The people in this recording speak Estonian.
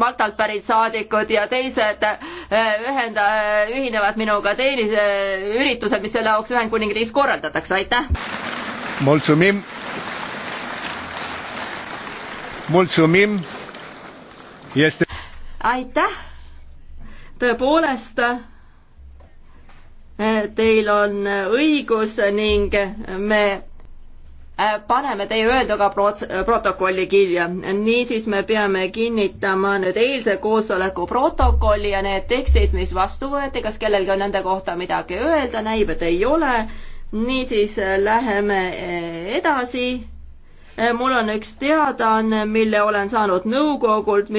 Maltalt pärit saadikud ja teised eh, ühenda, eh, ühinevad minuga teenise, eh, üritusel, mis selle jaoks Ühendkuningriigis korraldatakse, aitäh. Mulțumim. Mulțumim. Este... aitäh, tõepoolest teil on õigus ning me Äh, paneme teie öelduga äh, protokolli kirja. niisiis me peame kinnitama nüüd eilse koosoleku protokolli ja need tekstid, mis vastu võeti, kas kellelgi on nende kohta midagi öelda, näib, et ei ole. niisiis äh, läheme edasi. mul on üks teadaanne, mille olen saanud nõukogult, mis